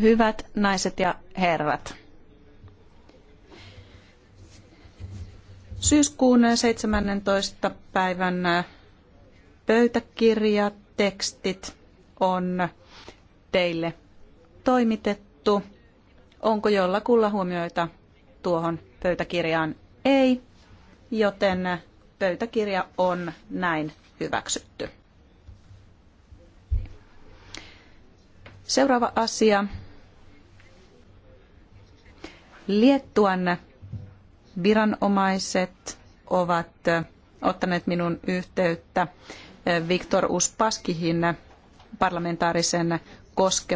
Hyvät naiset ja herrat. Syyskuun 17. päivän pöytäkirjatekstit on teille toimitettu. Onko jollakulla huomioita tuohon pöytäkirjaan? Ei, joten pöytäkirja on näin hyväksytty. Seuraava asia. Liettuan viranomaiset ovat ottaneet minun yhteyttä Viktor Uspaskihin parlamentaarisen koskemaan